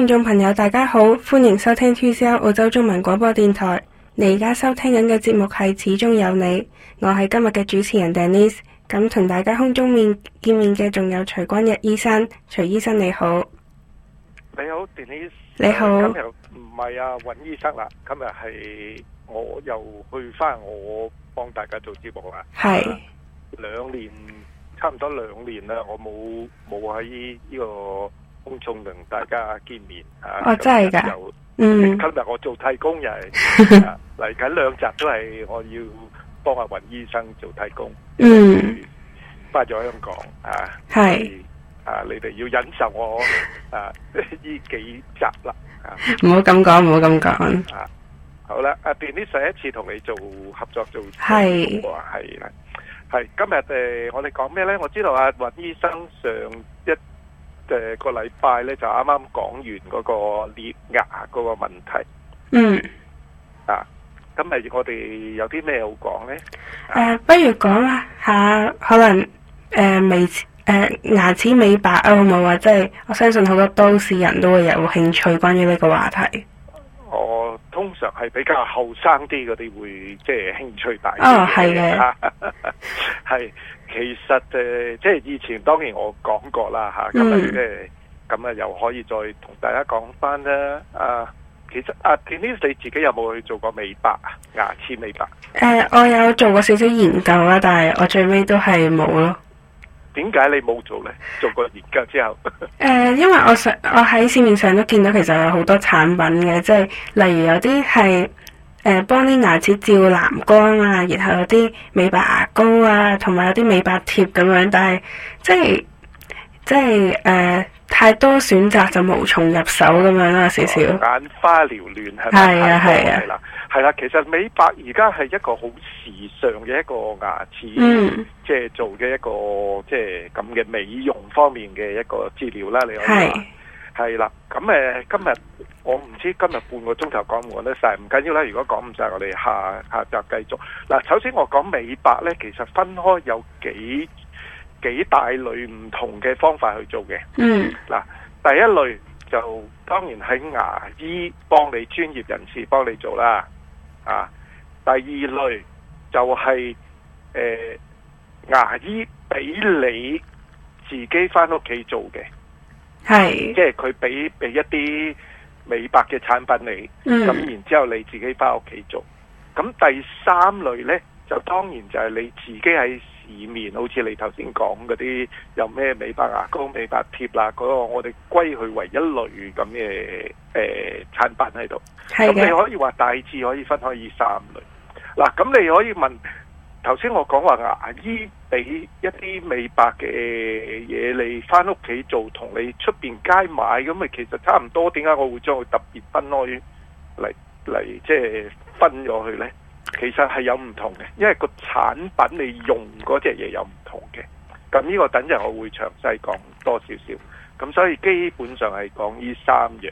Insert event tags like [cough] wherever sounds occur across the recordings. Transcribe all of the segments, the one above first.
觀眾朋友，大家好，歡迎收聽 TCL 澳洲中文廣播電台。你而家收聽緊嘅節目係《齒中有理》，我係今日嘅主持人 Dennis。咁同大家空中面見面嘅仲有尹元晧醫生，尹醫生你好，你好 Dennis，你好。Denise，你好，今日唔係啊，搵醫生啦。今日係我又去翻我幫大家做節目啦。係是兩年差唔多兩年啦，我冇冇喺呢個。空中同大家見面吓，哦，真係噶，嗯，今日我做替工又係嚟緊兩集都係我要幫阿尹醫生做替工，嗯，翻咗香港啊，係，啊，你哋要忍受我啊呢幾集啦，唔好咁講，唔好咁講啊，好啦，阿田呢上一次同你做合作做係，係啦，係今日誒，我哋講咩咧？我知道阿尹醫生上一。誒，個禮拜咧就啱啱講完嗰個裂牙嗰個問題。嗯。啊，咁咪，我哋有啲咩好講呢？誒、啊，不如講下可能誒、呃呃、牙齒美白啊，好唔好啊？即、就、係、是、我相信好多都市人都會有興趣關於呢個話題。我、啊、通常係比較後生啲嗰啲會即係、就是、興趣大啲哦，係嘅，係、啊。哈哈其實誒、呃，即係以前當然我講過啦吓，咁啊即係，咁啊、嗯、又可以再同大家講翻啦。啊。其實啊，點呢？你自己有冇去做過美白啊？牙齒美白？誒、呃，我有做過少少研究啦，但係我最尾都係冇咯。點解你冇做咧？做過研究之後？誒、呃，因為我想我喺市面上都見到其實有好多產品嘅，即係例如有啲係。誒，幫啲、呃、牙齒照藍光啊，然後有啲美白牙膏啊，同埋有啲美白貼咁樣，但係即係即係誒、呃、太多選擇就無從入手咁樣啦，啊，少少、哦、眼花繚亂係咪啊？係啊係啊，係啦，啊，係啦，啊，其實美白而家係一個好時尚嘅一個牙齒，即係、嗯、做嘅一個即係咁嘅美容方面嘅一個治療啦，你啊。係啦，咁誒，今日我唔知今日半個鐘頭講唔講得晒，唔緊要啦。如果講唔晒，我哋下下集繼續。嗱，首先我講美白呢，其實分開有幾幾大類唔同嘅方法去做嘅。嗯。嗱，第一類就當然係牙醫幫你專業人士幫你做啦。啊，第二類就係、是呃、牙醫俾你自己返屋企做嘅。係，是嗯、即係佢俾俾一啲美白嘅產品你，咁、嗯、然之後你自己翻屋企做。咁第三類呢，就當然就係你自己喺市面，好似你頭先講嗰啲，有咩美白牙膏、美白貼啦，嗰、嗰個我哋歸佢為一類咁嘅誒，產品喺度。咁是的 你可以話大致可以分開以三類。嗱，咁你可以問頭先我講話牙醫，俾一啲美白嘅嘢你返屋企做，同你出邊街買咁咪其實差唔多。點解我會將佢特別分開嚟嚟，即係分咗佢呢？其實係有唔同嘅，因為個產品你用嗰隻嘢有唔同嘅。咁呢個等陣我會詳細講多少少。咁所以基本上係講呢三樣。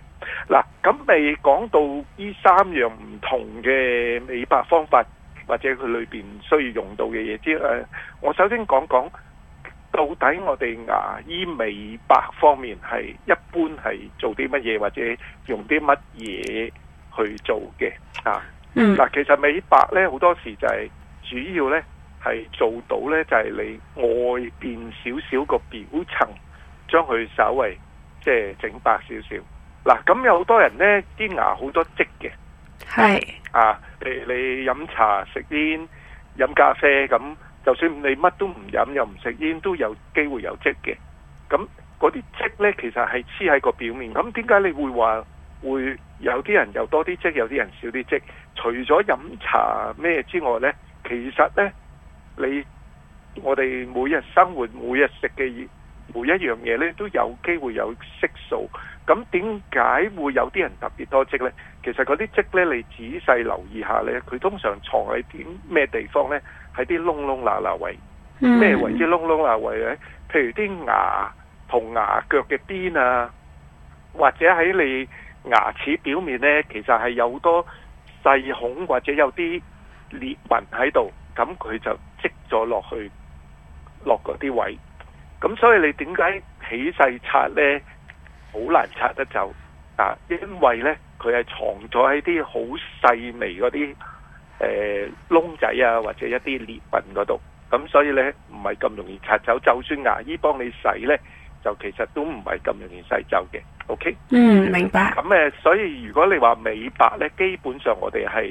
嗱，咁未講到呢三樣唔同嘅美白方法。或者佢裏邊需要用到嘅嘢，即係，呃，我首先講講到底，我哋牙醫美白方面係一般係做啲乜嘢，或者用啲乜嘢去做嘅啊？嗯，嗱，其實美白咧好多時就係主要咧係做到咧就係、是、你外邊少少個表層，將佢稍微即係整白少少。嗱、啊，咁有好多人咧啲牙好多漬嘅，係係啊。誒你飲茶食煙飲咖啡咁，就算你乜都唔飲又唔食煙，都有機會有積嘅。咁嗰啲積呢，其實係黐喺個表面。咁點解你會話會有啲人有多啲積，有啲人少啲積？除咗飲茶咩之外呢，其實呢，你我哋每日生活每日食嘅每一樣嘢咧都有機會有色素，咁點解會有啲人特別多積呢？其實嗰啲積咧，你仔細留意下咧，佢通常藏喺啲咩地方呢？喺啲窿窿罅罅位，咩位置窿窿罅位，洞洞洞位呢？譬如啲牙、同牙腳嘅邊啊，或者喺你牙齒表面呢，其實係有多細孔或者有啲裂紋喺度，咁佢就積咗落去落嗰啲位。咁所以你點解起細擦呢？好難擦得走啊？因為呢，佢係藏咗喺啲好細微嗰啲窿仔啊，或者一啲裂紋嗰度。咁所以呢，唔係咁容易擦走。就算牙醫幫你洗呢，就其實都唔係咁容易洗走嘅。OK，嗯，明白。咁誒，所以如果你話美白呢，基本上我哋係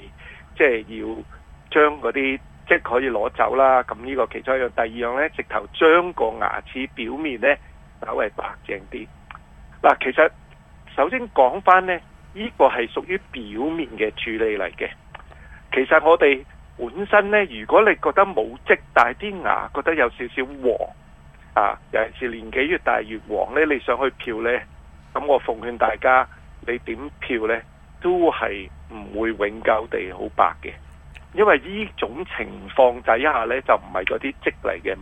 即係要將嗰啲。即可以攞走啦，咁呢個其中一樣。第二樣呢，直頭將個牙齒表面呢，稍微白淨啲。嗱，其實首先講翻呢，呢個係屬於表面嘅處理嚟嘅。其實我哋本身呢，如果你覺得冇積大啲牙，覺得有少少黃啊，尤其是年紀越大越黃呢，你想去漂呢，咁我奉勸大家，你點漂呢，都係唔會永久地好白嘅。因為呢種情況底下呢，就唔係嗰啲積嚟嘅，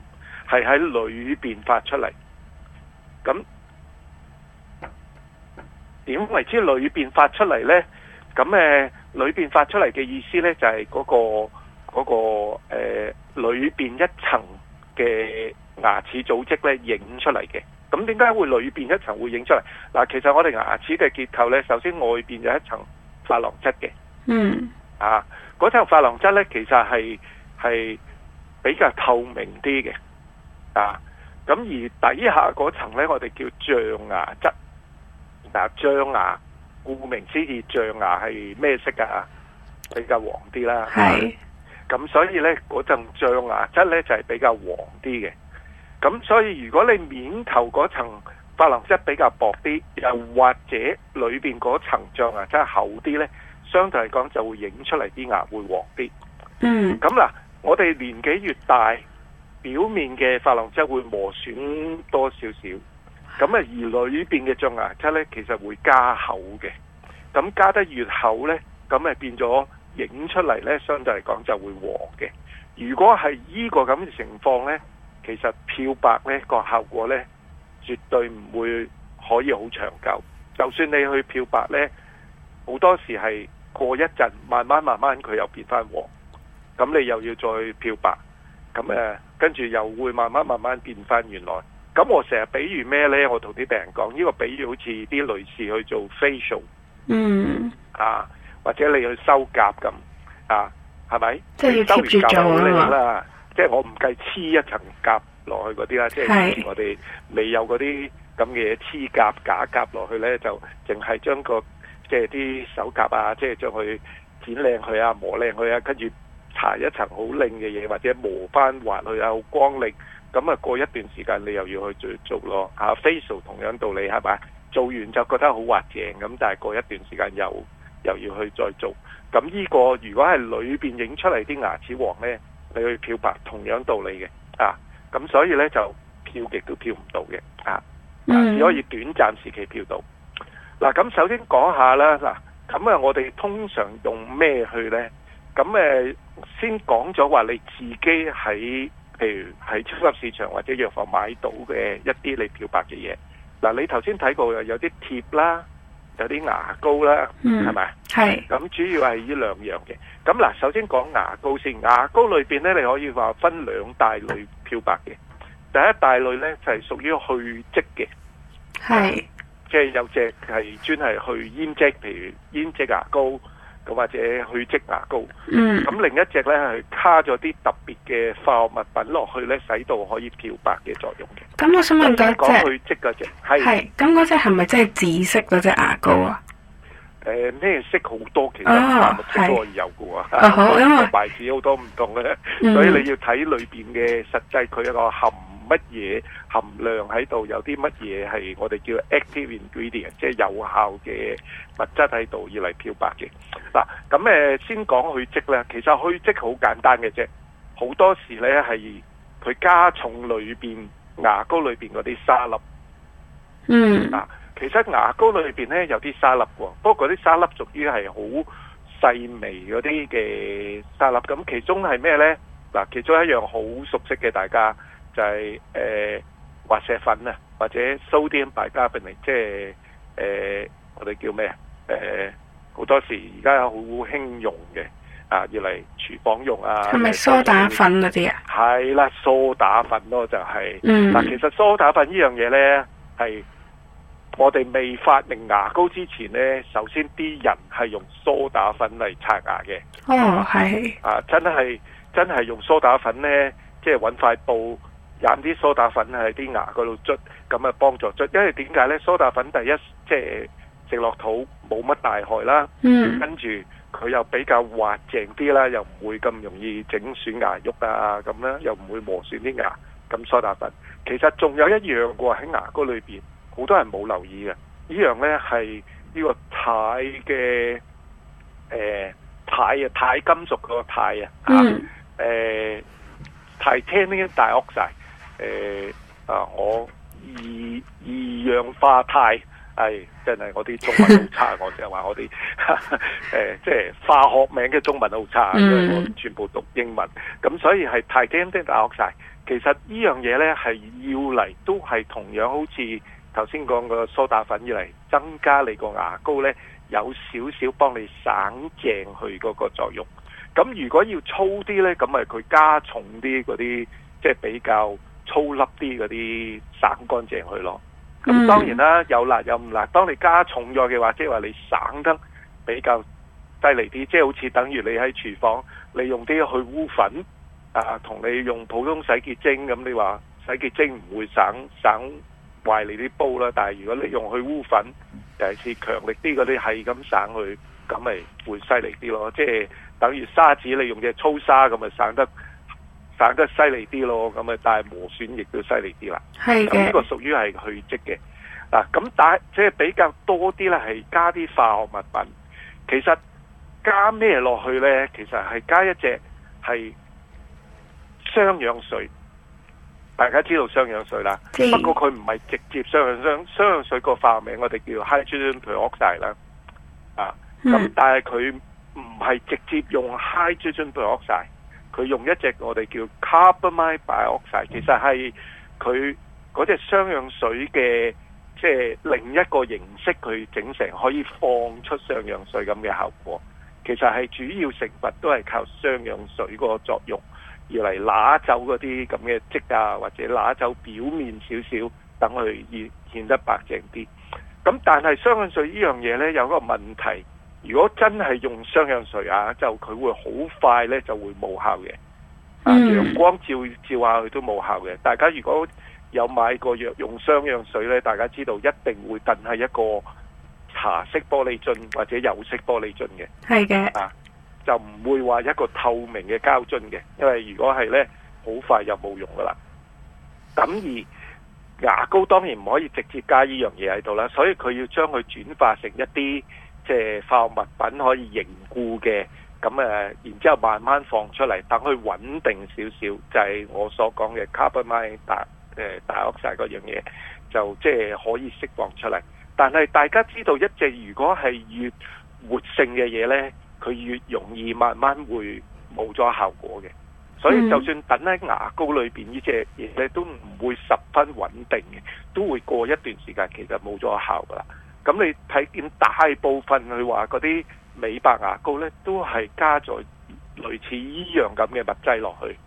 係喺裏邊發出嚟。咁點為之裏邊發出嚟呢？咁誒，裏邊發出嚟嘅意思呢，就係嗰個嗰個誒裏邊一層嘅牙齒組織呢，影出嚟嘅。咁點解會裏邊一層會影出嚟？嗱，其實我哋牙齒嘅結構呢，首先外邊有一層珐琅質嘅。嗯。啊，嗰層珐琅質咧，其實係係比較透明啲嘅，啊，咁而底下嗰層咧，我哋叫象牙質，嗱、啊，象牙，顧名思義，象牙係咩色噶？比較黃啲啦。係是。咁所以咧，嗰層象牙質咧就係、是、比較黃啲嘅。咁所以如果你面頭嗰層珐琅質比較薄啲，又或者裏邊嗰層象牙質係厚啲咧？相對嚟講就會影出嚟啲牙會黃啲。嗯。咁嗱，我哋年紀越大，表面嘅琺瑯質會磨損多少少，咁啊而裏邊嘅象牙質呢，其實會加厚嘅。咁加得越厚呢，咁啊變咗影出嚟呢，相對嚟講就會黃嘅。如果係呢個咁嘅情況呢，其實漂白呢個效果呢，絕對唔會可以好長久。就算你去漂白呢，好多時係。過一陣，慢慢慢慢佢又變翻黃，咁你又要再漂白，咁誒、啊，跟住又會慢慢慢慢變翻原來。咁我成日比喻咩呢？我同啲病人講，呢、這個比喻好似啲女士去做 facial，嗯，啊，或者你去修甲咁，啊，係咪？即係要 keep 住做啦。即係我唔計黐一層甲落去嗰啲啦，即係是我哋未有嗰啲咁嘅嘢，黐甲假甲落去呢，就淨係將個。即係啲手甲啊，即係將佢剪靚佢啊，磨靚佢啊，跟住搽一層好靚嘅嘢，或者磨翻滑佢啊，好光力。咁啊，過一段時間你又要去再做咯。嚇、啊，facial 同樣道理係咪？做完就覺得好滑淨咁，但係過一段時間又又要去再做。咁呢個如果係裏面影出嚟啲牙齒黃呢，你去漂白同樣道理嘅啊。咁所以呢，就漂極都漂唔到嘅啊，mm hmm. 只可以短暫時期漂到。嗱，咁首先講下啦，嗱，咁啊，我哋通常用咩去呢？咁誒，先講咗話你自己喺，譬如喺超級市場或者藥房買到嘅一啲你漂白嘅嘢。嗱，你頭先睇過有啲貼啦，有啲牙膏啦，係咪？係。咁主要係呢兩樣嘅。咁嗱，首先講牙膏先。牙膏裏邊呢，你可以話分兩大類漂白嘅。第一大類呢，就係、是、屬於去漬嘅。係。即係有隻係專係去煙漬，譬如煙漬牙膏，咁或者去漬牙膏。嗯，咁另一隻咧係卡咗啲特別嘅化學物品落去咧，使到可以漂白嘅作用嘅。咁我想問嗰隻，講去漬嗰隻係係，咁嗰隻係咪即係紫色嗰隻牙膏啊？嗯誒咩、呃、色好多，其實顏、oh, 色都可以有嘅喎，牌子好多唔同嘅，嗯、所以你要睇裏邊嘅實際佢一個含乜嘢含量喺度，有啲乜嘢係我哋叫 active ingredient，即係有效嘅物質喺度以嚟漂白嘅。嗱、啊，咁、呃、誒先講去漬啦，其實去漬好簡單嘅啫，好多時咧係佢加重裏邊牙膏裏邊嗰啲沙粒。嗯。嗱、啊。其實牙膏裏邊咧有啲沙粒喎、哦，不過嗰啲沙粒屬於係好細微嗰啲嘅沙粒。咁其中係咩咧？嗱，其中一樣好熟悉嘅，大家就係誒滑石粉啊，或者蘇打粉嚟，即係誒我哋叫咩啊？好、呃、多時而家有好興用嘅啊，要嚟廚房用啊。係咪蘇打粉嗰啲啊？係啦，蘇打粉咯、就係，就係嗱，其實蘇打粉呢樣嘢咧係。我哋未發明牙膏之前呢，首先啲人係用梳打粉嚟刷牙嘅，哦係、oh, yes. 啊，啊真係真係用梳打粉呢，即係搵塊布，揀啲梳打粉喺啲牙嗰度捽，咁啊幫助捽，因為點解呢？梳打粉第一即係食落肚冇乜大害啦，嗯，mm. 跟住佢又比較滑淨啲啦，又唔會咁容易整損牙肉啊，咁啦，又唔會磨損啲牙，咁梳打粉其實仲有一樣嘅、啊、喺牙膏裏邊。好多人冇留意嘅，這樣呢樣咧係呢個鈦嘅，誒、呃、鈦啊鈦金屬個鈦啊吓，誒 titanium dioxide，誒啊我二二氧化鈦係、哎、真係我啲中文好差， [laughs] 我成日話我啲誒、呃、即係化學名嘅中文好差，mm. 因為我全部讀英文，咁所以係 titanium dioxide，其實這樣東西呢樣嘢咧係要嚟都係同樣好似。頭先講個梳打粉以嚟增加你個牙膏呢，有少少幫你省淨去嗰個作用。咁如果要粗啲呢，咁咪佢加重啲嗰啲，即係比較粗粒啲嗰啲省乾淨去咯。咁當然啦，有辣有唔辣。當你加重咗嘅話，即係話你省得比較犀利啲，即係好似等於你喺廚房你用啲去污粉啊，同你用普通洗潔精咁，你話洗潔精唔會省省。壞你啲煲啦，但係如果你用去污粉，尤其是強力啲嗰啲係咁省去，咁咪會犀利啲咯。即係等於砂紙你用隻粗砂咁咪省得省得犀利啲咯，咁啊但係磨損亦都犀利啲啦。係嘅，呢個屬於係去漬嘅嗱。咁打即係比較多啲咧，係加啲化學物品。其實加咩落去咧？其實係加一隻係雙氧水。大家知道雙氧水啦，不過佢唔係直接雙氧雙雙氧水個化名我哋叫 peroxide，啊，我哋叫 hydrogen peroxide 啦。咁但係佢唔係直接用 hydrogen peroxide，佢用一隻我哋叫 carbamide peroxide，其實係佢嗰隻雙氧水嘅即係另一個形式，佢整成可以放出雙氧水咁嘅效果。其實係主要成分都係靠雙氧水個作用。要嚟拿走嗰啲咁嘅漬啊，或者拿走表面少少，等佢顯得白淨啲。咁但係雙氧水呢樣嘢呢，有一個問題，如果真係用雙氧水啊，就佢會好快呢就會冇效嘅，啊。陽光照照下佢都冇效嘅。大家如果有買過藥用雙氧水呢，大家知道一定會等係一個茶色玻璃樽或者油色玻璃樽嘅。係嘅。就唔會話一個透明嘅膠樽嘅，因為如果係呢，好快就冇用噶啦。咁而牙膏當然唔可以直接加呢樣嘢喺度啦，所以佢要將佢轉化成一啲即係化學物品可以凝固嘅，咁誒，然之後慢慢放出嚟，等佢穩定少少，就係、是、我所講嘅 carbamide 大誒大 oxide 嗰樣嘢，就即係可以釋放出嚟。但係大家知道，一隻如果係越活性嘅嘢呢。佢越容易慢慢會冇咗效果嘅，所以就算等喺牙膏裏邊，呢隻嘢都唔會十分穩定嘅，都會過一段時間其實冇咗效噶啦。咁你睇見大部分你話嗰啲美白牙膏咧，都係加咗類似依樣咁嘅物質落去，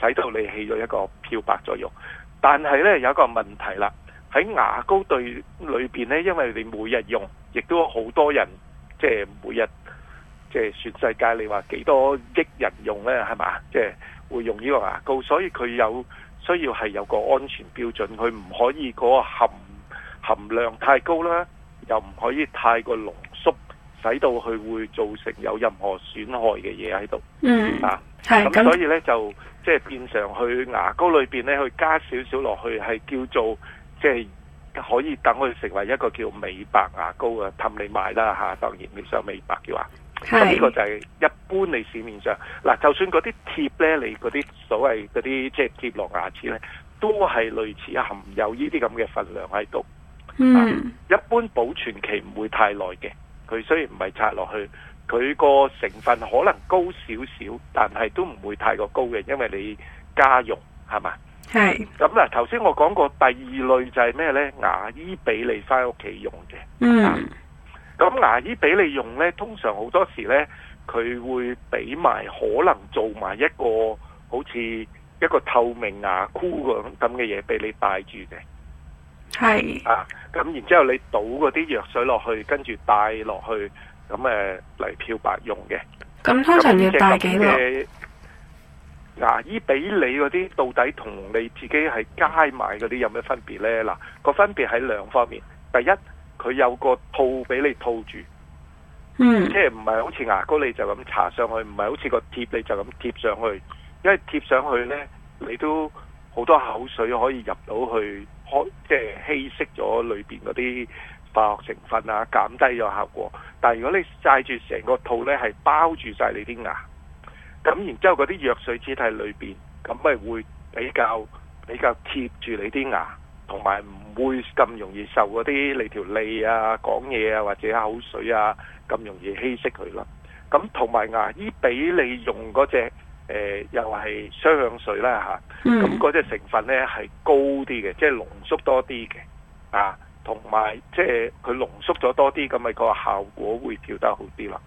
使到你起咗一個漂白作用。但係咧有一個問題啦，喺牙膏對裏邊咧，因為你每日用，亦都好多人即係每日。即係全世界，你話幾多億人用咧？係嘛？即係會用呢個牙膏，所以佢有需要係有個安全標準，佢唔可以個含含量太高啦，又唔可以太過濃縮，使到佢會造成有任何損害嘅嘢喺度。嗯，啊，係咁，所以咧就即係變成去牙膏裏面咧，去加少少落去，係叫做即係可以等佢成為一個叫美白牙膏啊，氹你買啦嚇！當然你想美白嘅話。呢個就係一般你市面上嗱是、啊，就算嗰啲貼咧，你嗰啲所謂嗰啲即係貼落牙齒咧，都係類似含有呢啲咁嘅份量喺度。嗯、啊，一般保存期唔會太耐嘅，佢雖然唔係拆落去，佢個成分可能高少少，但係都唔會太過高嘅，因為你家用係嘛？係。咁嗱是，頭先、啊、我講過第二類就係咩咧？牙醫俾你翻屋企用嘅。嗯。咁牙醫俾你用呢，通常好多時呢，佢會俾埋可能做埋一個好似一個透明牙箍咁咁嘅嘢俾你戴住嘅。係是啊，咁然之後你倒嗰啲藥水落去，跟住戴落去，咁誒嚟漂白用嘅。咁通常要戴幾耐？啊、隻咁嘅牙醫俾你嗰啲，到底同你自己喺街買嗰啲有咩分別呢？嗱、啊，個分別喺兩方面，第一。佢有個套俾你套住，嗯、即係唔係好似牙膏你就咁搽上去，唔係好似個貼你就咁貼上去。因為貼上去呢，你都好多口水可以入到去，即係稀釋咗裏面嗰啲化學成分啊，減低咗效果。但如果你曬住成個套呢，係包住曬你啲牙，咁然之後嗰啲藥水只係裏面，咁咪會比較比較貼住你啲牙。同埋唔會咁容易受嗰啲你條脷啊、講嘢啊或者口水啊咁容易稀釋佢啦，咁同埋牙醫俾你用嗰隻誒又係雙氧水啦吓，咁嗰隻成分呢係高啲嘅，即係濃縮多啲嘅啊。同埋即係佢濃縮咗多啲，咁咪個效果會調得好啲啦。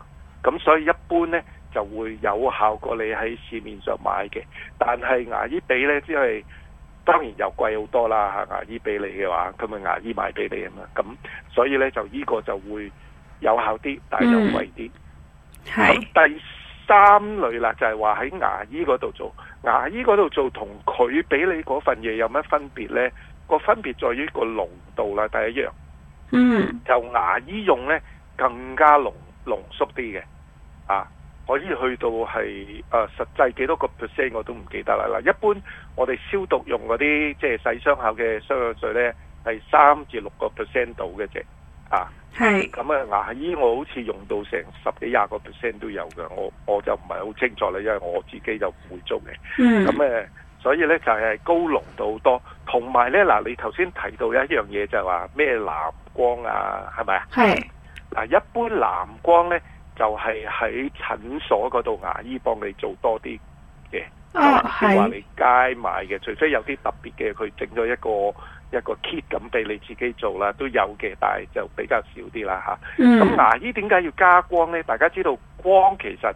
咁所以一般呢就會有效過你喺市面上買嘅，但係牙醫俾呢，只係。當然又貴好多啦！牙醫畀你嘅話，咁咪牙醫賣畀你啊嘛，咁所以呢，就呢個就會有效啲，但係貴啲。係、嗯。第三類啦，就係話喺牙醫嗰度做，牙醫嗰度做同佢畀你嗰份嘢有乜分別呢？個分別在於個濃度啦，第一樣。嗯。就牙醫用呢更加濃濃縮啲嘅，啊。可以去到係誒、啊、實際幾多個 percent 我都唔記得啦。嗱，一般我哋消毒用嗰啲即係洗傷口嘅消毒水咧，係三至六個 percent 度嘅啫。啊，係是、啊。咁啊牙醫我好似用到成十幾廿個 percent 都有嘅，我我就唔係好清楚啦，因為我自己就唔會做嘅。嗯。咁誒，所以咧就係高濃度好多，同埋咧嗱，你頭先提到一樣嘢就係話咩藍光啊，係咪是 啊？係。嗱，一般藍光咧。就係喺診所嗰度牙醫幫你做多啲嘅，唔係話你街買嘅，的除非有啲特別嘅，佢整咗一個一個 kit 咁俾你自己做啦，都有嘅，但係就比較少啲啦吓。咁、啊嗯、牙醫點解要加光呢？大家知道光其實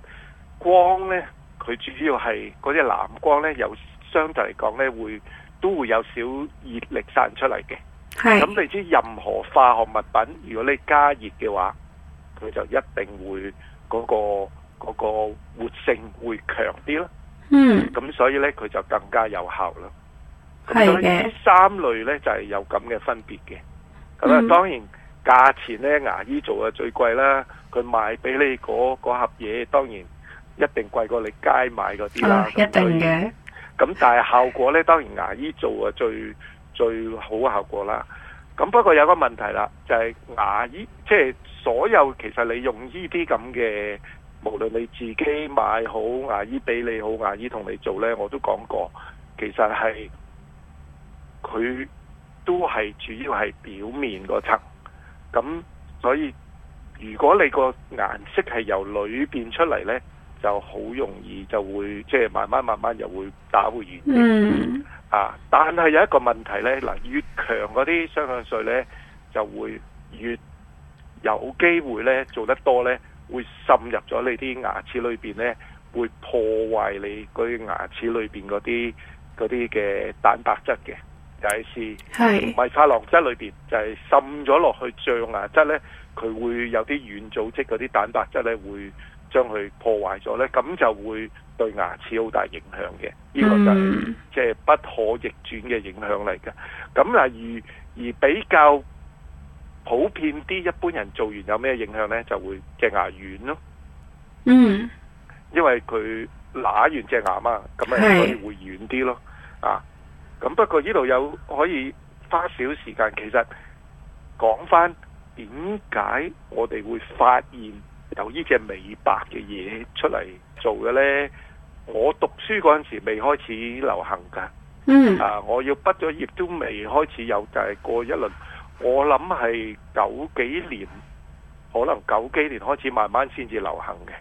光呢，佢主要係嗰隻藍光呢，有相對嚟講呢，會都會有少熱力散出嚟嘅。咁你知任何化學物品，如果你加熱嘅話。佢就一定會嗰個嗰個活性會強啲啦，嗯，咁所以咧佢就更加有效啦。係嘅，三類咧就係有咁嘅分別嘅。咁啊、嗯，當然價錢咧牙醫做嘅最貴啦，佢賣俾你嗰嗰盒嘢，當然一定貴過你街買嗰啲啦，嗯、一定嘅。咁但係效果咧，當然牙醫做啊最最好效果啦。咁不過有個問題啦，就係、是、牙醫即係、就是、所有其實你用呢啲咁嘅，無論你自己買好，牙醫俾你好，牙醫同你做呢，我都講過，其實係佢都係主要係表面嗰層。咁所以如果你個顏色係由裏面出嚟呢，就好容易就會即係、就是、慢慢慢慢又會打會完。嗯啊！但係有一個問題呢嗱，越強嗰啲雙氧水呢，就會越有機會呢做得多呢，會滲入咗你啲牙齒裏面呢，會破壞你嗰啲牙齒裏面嗰啲啲嘅蛋白質嘅牙醫師，唔係、就是、是琺瑯質裏面，就係、是、滲咗落去象牙質呢，佢會有啲軟組織嗰啲蛋白質呢會。將佢破壞咗呢，咁就會對牙齒好大影響嘅。呢個就係即係、嗯、不可逆轉嘅影響嚟㗎。咁啊，而而比較普遍啲，一般人做完有咩影響呢？就會隻牙軟咯。嗯，因為佢揦完隻牙嘛，咁啊可以會軟啲咯。是啊，咁不過呢度有可以花少時間，其實講返點解我哋會發現。由呢隻美白嘅嘢出嚟做嘅呢，我讀書嗰陣時未開始流行噶，嗯、啊，我要畢咗業都未開始有，就係、是、過一輪。我諗係九幾年，可能九幾年開始慢慢先至流行嘅。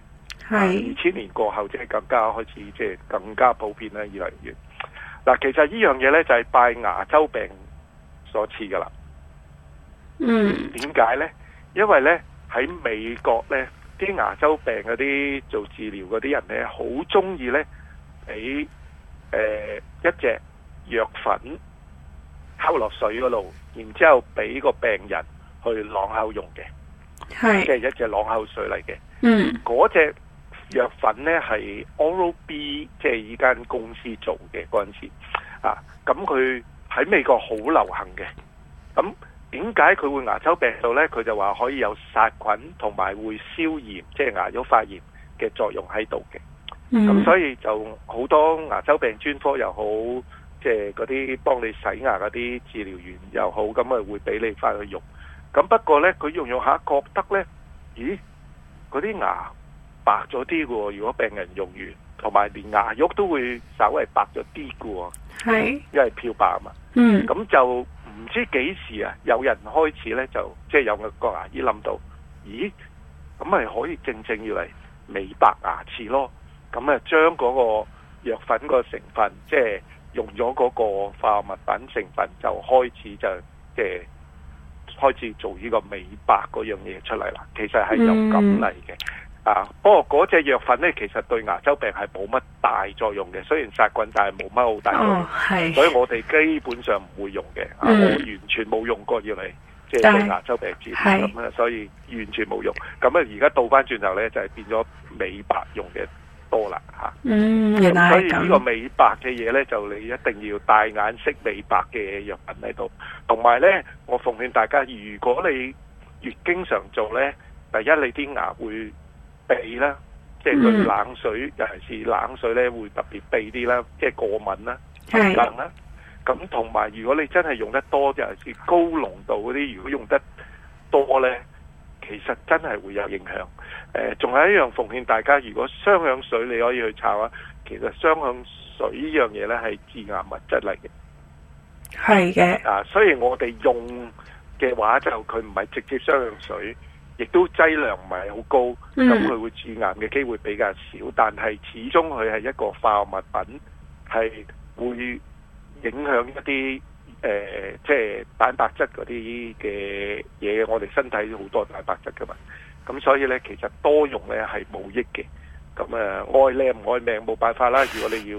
係二千年過後，即係更加開始，即、就、係、是、更加普遍啦，越來越。嗱、啊，其實呢樣嘢呢，就係、是、拜牙周病所賜噶啦。嗯，點解呢？因為呢，喺美國呢。啲牙周病嗰啲做治療嗰啲人咧，好中意咧俾誒一隻藥粉溝落水嗰度，然之後俾個病人去啷口用嘅，係即係一隻啷口水嚟嘅。嗯，嗰隻藥粉咧係 Oral B 即係依間公司做嘅，嗰陣時啊，咁佢喺美國好流行嘅，咁。點解佢會牙周病到呢？佢就話可以有殺菌同埋會消炎，即係牙肉發炎嘅作用喺度嘅。咁、嗯、所以就好多牙周病專科又好，即係嗰啲幫你洗牙嗰啲治療員又好，咁啊、嗯、會俾你翻去用。咁不過呢，佢用用下覺得呢，咦，嗰啲牙白咗啲喎。如果病人用完，同埋連牙肉都會稍微白咗啲喎。是因為漂白嘛。嗯，咁就。唔知幾時啊，有人開始呢，就即係有個牙醫諗到，咦，咁咪可以正正要嚟美白牙齒咯。咁啊，將嗰個藥粉個成分，即係用咗嗰個化學物品成分，就開始就即係開始做呢個美白嗰樣嘢出嚟啦。其實係有咁嚟嘅。嗯啊，不過嗰隻藥粉咧，其實對牙周病係冇乜大作用嘅。雖然殺菌，但係冇乜好大作用，哦、所以我哋基本上唔會用嘅。嗯、我完全冇用過藥嚟，即係對牙周病治療，咁所以完全冇用。咁啊，而家倒翻轉頭咧，就係、係、變咗美白用嘅多啦、啊、嗯，係所以呢個美白嘅嘢咧，就你一定要帶眼識美白嘅藥品喺度。同埋咧，我奉勸大家，如果你越經常做咧，第一你啲牙會，鼻啦，即係對冷水，嗯、尤其是冷水咧會特別避啲啦，即係過敏啦、發的冷啦。咁同埋，如果你真係用得多，尤其是高濃度嗰啲，如果用得多咧，其實真係會有影響。誒、呃，仲有一樣奉勸大家，如果雙氧水你可以去炒啊，其實雙氧水呢樣嘢咧係致癌物質嚟嘅。係嘅的。啊，所以我哋用嘅話就佢唔係直接雙氧水。亦都劑量唔係好高，咁佢會致癌嘅機會比較少，嗯、但係始終佢係一個化學物品，係會影響一啲、呃、即係蛋白質嗰啲嘅嘢。我哋身體好多蛋白質噶嘛，咁所以呢，其實多用呢係冇益嘅。咁、啊、愛靚唔愛命冇辦法啦。如果你要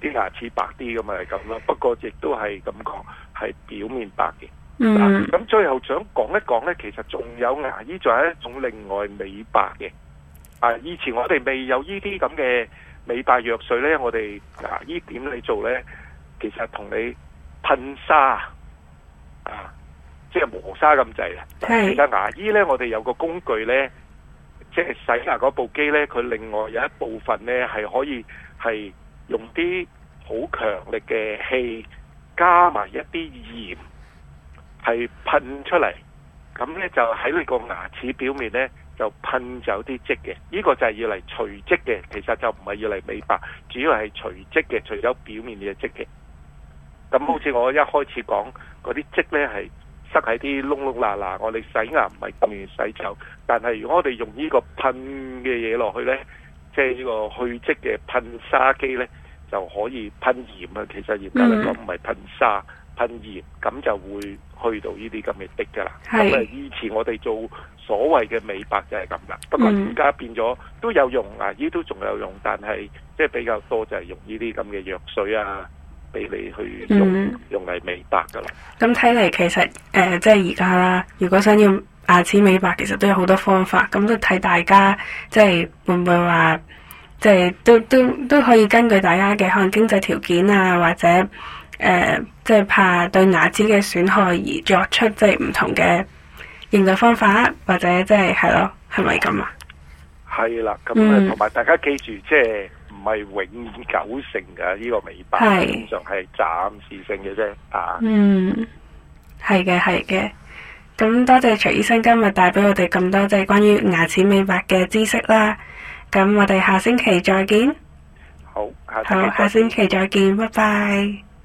啲牙齒白啲咁咪係咁咯。不過亦都係感覺係表面白嘅。嗯，咁最後想講一講咧，其實仲有牙醫仲有一種另外美白嘅。啊，以前我哋未有呢啲咁嘅美白藥水咧，我哋牙醫點你做咧？其實同你噴砂啊，即係磨砂咁滯啊。其實牙醫咧，我哋有個工具咧，即係洗牙嗰部機咧，佢另外有一部分咧係可以係用啲好強力嘅氣，加埋一啲鹽。係噴出嚟，咁呢就喺你個牙齒表面呢，就噴走啲漬嘅，呢個就係要嚟除漬嘅，其實就唔係要嚟美白，主要係除漬嘅，除咗表面嘅漬嘅。咁好似我一開始講嗰啲漬呢，係塞喺啲窿窿罅罅，我哋洗牙唔係咁易洗走，但係如果我哋用呢個噴嘅嘢落去呢，即係呢個去漬嘅噴砂機呢，就可以噴鹽啊，其實嚴格嚟講唔係噴砂。嗯噴熱咁就會去到呢啲咁嘅滴噶啦。咁啊是，以前我哋做所謂嘅美白就係咁噶，不過而家變咗都有用啊，呢、嗯、都仲有用，但係即係比較多就係用呢啲咁嘅藥水啊，俾你去用、嗯、用嚟美白噶啦。咁睇嚟，其實誒、呃，即係而家啦，如果想要牙齒美白，其實都有好多方法，咁都睇大家即係會唔會話，即係都都都可以根據大家嘅可能經濟條件啊，或者。誒，即係、uh, 怕對牙齒嘅損害而作出即係唔同嘅應對方法，或者即係係咯，係咪咁啊？係啦，咁同埋大家記住，即係唔係永久性嘅呢個美白，通常係暫時性嘅啫。就是、嗯，係嘅，係嘅。咁多謝徐醫生今日帶俾我哋咁多即係、就是、關於牙齒美白嘅知識啦。咁我哋下星期再見。好，下下星期再見，再見拜拜。拜拜。